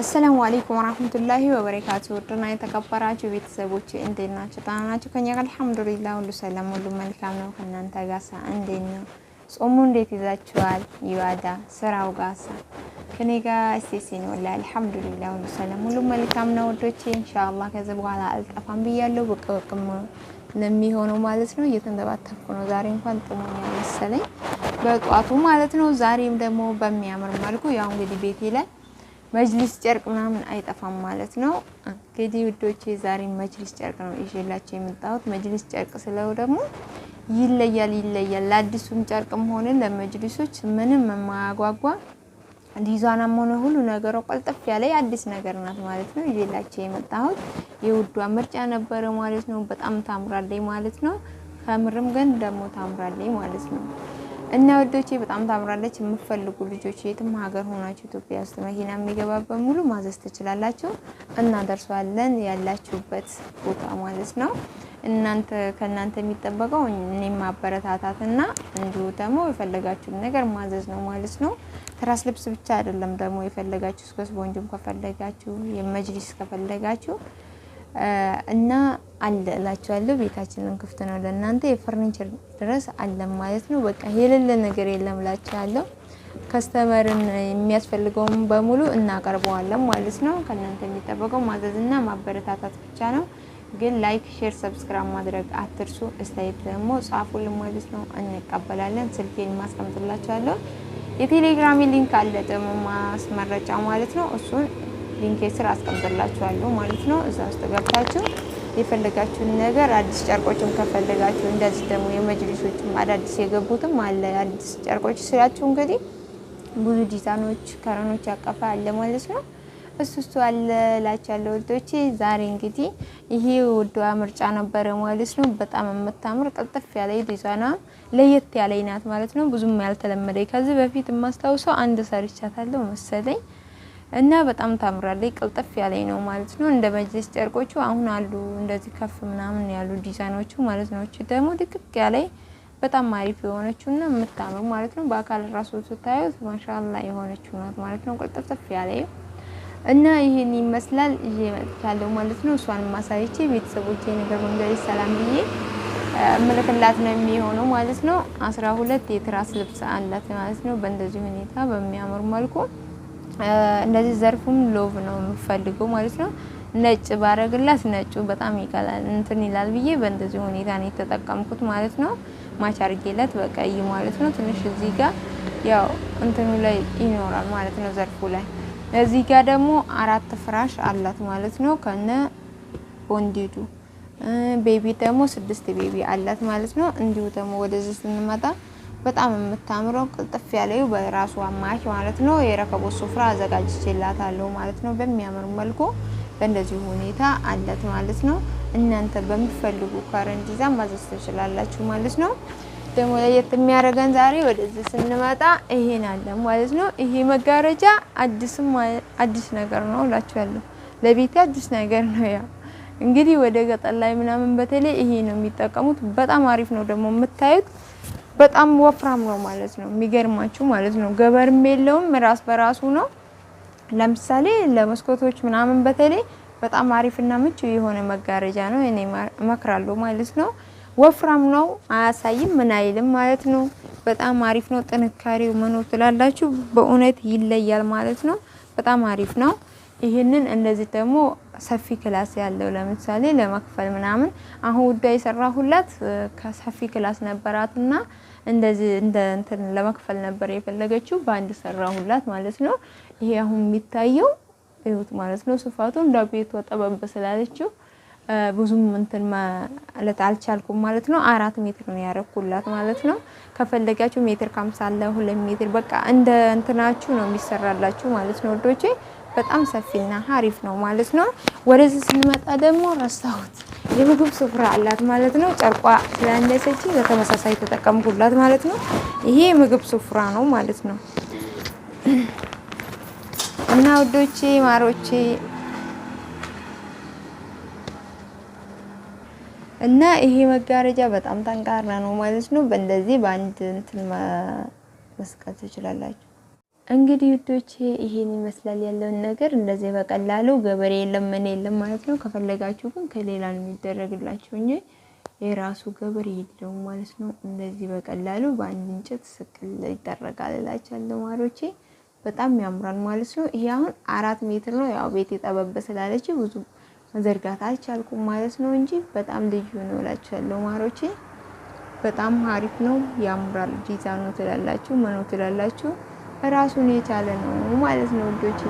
አሰላሙ አለይኩም ወራህመቱላሂ ወበረካቱ። ውድና የተከበራችሁ ቤተሰቦች እንዴት ናቸው? ደህና ናቸው? ከኛ ጋር አልሐምዱሊላህ ሁሉ ሰላም፣ ሁሉ መልካም ነው። ከእናንተ ጋሳ እንዴት ነው? ጾሙ እንዴት ይዛችኋል? ይባዳ ስራው ጋሳ ከኔ ጋር እስቲሲን ወላ አልሐምዱሊላህ ሁሉ ሰላም፣ ሁሉ መልካም ነው። ወዶቼ ኢንሻአላህ ከዚህ በኋላ አልጠፋም ብያለሁ። ብቅ ብቅ ለሚሆነው ማለት ነው። እየተንተባተፍኩ ነው። ዛሬ እንኳን ጥሞኛል መሰለኝ በጧቱ ማለት ነው። ዛሬም ደግሞ በሚያምር መልኩ ያው እንግዲህ ቤቴ ላይ መጅሊስ ጨርቅ ምናምን አይጠፋም ማለት ነው። እንግዲህ ውዶቼ ዛሬ መጅሊስ ጨርቅ ነው ይዤላቸው የመጣሁት። መጅሊስ ጨርቅ ስለው ደግሞ ይለያል ይለያል። ለአዲሱም ጨርቅም ሆነ ለመጅሊሶች ምንም የማያጓጓ ዲዛይኗም ሆነ ሁሉ ነገሯ ቆልጠፍ ያለ አዲስ ነገር ናት ማለት ነው። ይዤላቸው የመጣሁት የውዷ ምርጫ ነበረ ማለት ነው። በጣም ታምራለይ ማለት ነው። ከምርም ግን ደግሞ ታምራለይ ማለት ነው። እና ወዶቼ በጣም ታምራለች። የምትፈልጉ ልጆች የትም ሀገር ሆናችሁ ኢትዮጵያ ውስጥ መኪና የሚገባ በሙሉ ማዘዝ ትችላላችሁ። እናደርሷለን ያላችሁበት ቦታ ማለት ነው። እናንተ ከእናንተ የሚጠበቀው እኔም ማበረታታት እና እንዲሁ ደግሞ የፈለጋችሁን ነገር ማዘዝ ነው ማለት ነው። ትራስ ልብስ ብቻ አይደለም ደግሞ የፈለጋችሁ እስከ ስፖንጅም ከፈለጋችሁ የመጅሊስ ከፈለጋችሁ እና አለ እላችኋለሁ። ቤታችንን ክፍት ነው ለእናንተ የፈርኒቸር ድረስ አለ ማለት ነው። በቃ የሌለ ነገር የለም እላችኋለሁ። ከስተመርን የሚያስፈልገውን በሙሉ እናቀርበዋለን ማለት ነው። ከእናንተ የሚጠበቀው ማዘዝና ማበረታታት ብቻ ነው። ግን ላይክ፣ ሼር፣ ሰብስክራይብ ማድረግ አትርሱ። እስታይት ደግሞ ጻፉልን ማለት ነው፣ እንቀበላለን። ስልኬን ማስቀምጥላችኋለሁ። የቴሌግራም ሊንክ አለ ደግሞ ማስመረጫ ማለት ነው። እሱን ሊንክ ስር አስቀምጥላችኋለሁ ማለት ነው። እዛ ውስጥ ገብታችሁ የፈለጋችሁን ነገር አዲስ ጨርቆችም ከፈለጋችሁ እንደዚህ ደግሞ የመጅሊሶችም አዳዲስ የገቡትም አለ። አዲስ ጨርቆች ስላችሁ እንግዲህ ብዙ ዲዛይኖች ከረኖች ያቀፈ አለ ማለት ነው። እሱ እሱ አለ ላችኋለሁ ውዶቼ። ዛሬ እንግዲህ ይሄ ውድዋ ምርጫ ነበረ ማለት ነው። በጣም የምታምር ቅልጥፍ ያለ ዲዛይኗ ለየት ያለ ናት ማለት ነው። ብዙም ያልተለመደ ከዚህ በፊት የማስታውሰው አንድ ሰርቻታለሁ መሰለኝ እና በጣም ታምራለች። ቅልጥፍ ያለኝ ነው ማለት ነው። እንደ መጅሊስ ጨርቆቹ አሁን አሉ እንደዚህ ከፍ ምናምን ያሉ ዲዛይኖቹ ማለት ነው። እቺ ደግሞ ድቅቅ ያለኝ በጣም አሪፍ የሆነችው እና የምታምር ማለት ነው። በአካል ራሱ ስታዩት ማሻላ የሆነችው ናት ማለት ነው። ቅልጥፍ ያለ እና ይህን ይመስላል ይዤ መጥቻለሁ ማለት ነው። እሷን ማሳይቼ ቤተሰቦቼ ነገር መንገድ ሰላም ብዬ ምልክላት ነው የሚሆነው ማለት ነው። አስራ ሁለት የትራስ ልብስ አላት ማለት ነው። በእንደዚህ ሁኔታ በሚያምር መልኩ እንደዚህ ዘርፉም ሎቭ ነው የምፈልገው ማለት ነው። ነጭ ባረግላት ነጩ በጣም ይቀላል እንትን ይላል ብዬ በእንደዚህ ሁኔታ ነው የተጠቀምኩት ማለት ነው። ማች አርጌለት በቀይ ማለት ነው። ትንሽ እዚህ ጋር ያው እንትኑ ላይ ይኖራል ማለት ነው ዘርፉ ላይ። እዚህ ጋር ደግሞ አራት ፍራሽ አላት ማለት ነው ከነ ቦንዲዱ። ቤቢ ደግሞ ስድስት ቤቢ አላት ማለት ነው። እንዲሁ ደግሞ ወደዚህ ስንመጣ በጣም የምታምረው ቅልጥፍ ያለው በራሱ አማች ማለት ነው የረከቦት ስፍራ አዘጋጅቼላታለሁ ማለት ነው። በሚያምር መልኩ በእንደዚህ ሁኔታ አላት ማለት ነው። እናንተ በምትፈልጉ ካረን ዲዛይን ማዘዝ ትችላላችሁ ማለት ነው። ደግሞ ለየት የሚያደርገን ዛሬ ወደዚህ ስንመጣ ይሄን አለ ማለት ነው። ይሄ መጋረጃ አዲስም አዲስ ነገር ነው እላችኋለሁ። ለቤቴ አዲስ ነገር ነው። ያው እንግዲህ ወደ ገጠር ላይ ምናምን በተለይ ይሄ ነው የሚጠቀሙት። በጣም አሪፍ ነው ደግሞ የምታዩት በጣም ወፍራም ነው ማለት ነው። የሚገርማችሁ ማለት ነው ገበርም የለውም ራስ በራሱ ነው። ለምሳሌ ለመስኮቶች ምናምን በተለይ በጣም አሪፍና ምቹ የሆነ መጋረጃ ነው። እኔ እመክራለሁ ማለት ነው። ወፍራም ነው፣ አያሳይም፣ ምን አይልም ማለት ነው። በጣም አሪፍ ነው። ጥንካሬው መኖር ትላላችሁ፣ በእውነት ይለያል ማለት ነው። በጣም አሪፍ ነው። ይህንን እንደዚህ ደግሞ ሰፊ ክላስ ያለው ለምሳሌ ለመክፈል ምናምን አሁን ውዳ የሰራሁላት ከሰፊ ክላስ ነበራትና እንደዚህ እንደ እንትን ለመክፈል ነበር የፈለገችው። በአንድ ሰራሁላት ማለት ነው። ይሄ አሁን የሚታየው እዩት ማለት ነው። ስፋቱ እንደ ቤቷ ጠበብ ስላለችው ብዙም እንትን ማለት አልቻልኩም ማለት ነው። አራት ሜትር ነው ያረኩላት ማለት ነው። ከፈለጋችሁ ሜትር ከሀምሳ አለ ሁለት ሜትር በቃ እንደ እንትናችሁ ነው የሚሰራላችሁ ማለት ነው ወዶቼ። በጣም ሰፊና አሪፍ ነው ማለት ነው። ወደዚህ ስንመጣ ደግሞ ረሳሁት የምግብ ስፍራ አላት ማለት ነው። ጨርቋ ስላነሰች በተመሳሳይ ተጠቀምኩላት ማለት ነው። ይሄ የምግብ ስፍራ ነው ማለት ነው። እና ውዶቼ ማሮቼ እና ይሄ መጋረጃ በጣም ጠንካራ ነው ማለት ነው። በእንደዚህ በአንድ እንትን መስቀል ትችላላችሁ። እንግዲህ ውዶች ይሄን ይመስላል ያለውን ነገር። እንደዚህ በቀላሉ ገበሬ የለም ምን የለም ማለት ነው። ከፈለጋችሁ ግን ከሌላ ነው የሚደረግላችሁ እንጂ የራሱ ገበሬ የለውም ማለት ነው። እንደዚህ በቀላሉ በአንድ እንጨት ስቅል ይደረጋል ማሮቼ። በጣም ያምራል ማለት ነው። ይሄ አሁን አራት ሜትር ነው። ያው ቤት የጠበበ ስላለች ብዙ መዘርጋት አልቻልኩም ማለት ነው እንጂ በጣም ልዩ ነው እላችኋለሁ ማሮቼ። በጣም አሪፍ ነው፣ ያምራል። ዲዛይኑ ትላላችሁ፣ ምኑ ትላላችሁ ራሱን የቻለ ነው ማለት ነው ውዶች።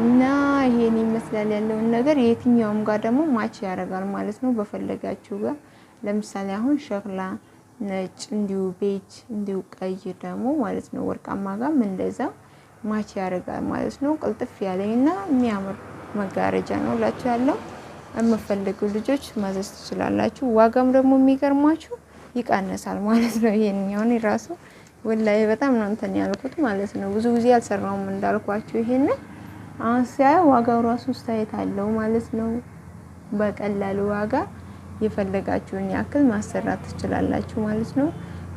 እና ይሄን ይመስላል ያለውን ነገር የትኛውም ጋር ደግሞ ማች ያደርጋል ማለት ነው በፈለጋችሁ ጋር። ለምሳሌ አሁን ሸክላ ነጭ፣ እንዲሁ ቤጅ፣ እንዲሁ ቀይ ደግሞ ማለት ነው ወርቃማ ጋር እንደዛ ማች ያደርጋል ማለት ነው። ቅልጥፍ ያለኝና የሚያምር መጋረጃ ነው ላችሁ ያለው የምፈልጉ ልጆች ማዘዝ ትችላላችሁ። ዋጋም ደግሞ የሚገርማችሁ ይቀንሳል ማለት ነው። የሚሆን ራሱ ወላይ በጣም ነው እንትን ያልኩት ማለት ነው። ብዙ ጊዜ አልሰራውም እንዳልኳችሁ ይሄን አሁን ሲያየው ዋጋው ራሱ አስተያየት አለው ማለት ነው። በቀላሉ ዋጋ የፈለጋችሁን ያክል ማሰራት ትችላላችሁ ማለት ነው።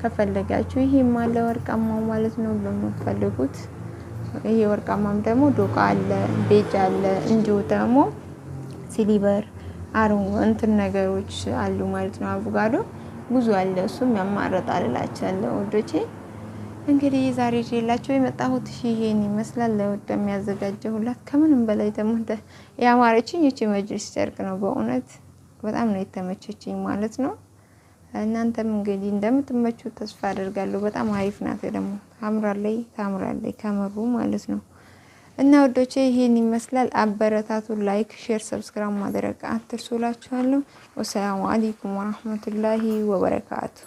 ከፈለጋችሁ ይሄም አለ ወርቃማው ማለት ነው በምትፈልጉት። ይሄ ወርቃማም ደግሞ ዶቃ አለ፣ ቤጅ አለ፣ እንዲሁ ደግሞ ሲሊቨር አሩ እንትን ነገሮች አሉ ማለት ነው። አቮጋዶ ብዙ አለ። እሱም ያማረጣል እላችኋለሁ ወዶቼ። እንግዲህ ዛሬ ይዤላችሁ የመጣሁት ይሄን ይመስላል። ለውድ የሚያዘጋጀሁላት ከምንም በላይ ተሞተ ያማረችኝ ይቺ መጅልስ ጨርቅ ነው። በእውነት በጣም ነው የተመቸችኝ ማለት ነው። እናንተም እንግዲህ እንደምትመቹ ተስፋ አደርጋለሁ። በጣም አሪፍ ናት ደግሞ ታምራለይ፣ ታምራለይ ከመሩ ማለት ነው። እና ወዶቼ ይሄን ይመስላል። አበረታቱ። ላይክ፣ ሼር፣ ሰብስክራይብ ማድረግ አትርሱላችኋለሁ። ወሰላሙ አለይኩም ወራህመቱላሂ ወበረካቱ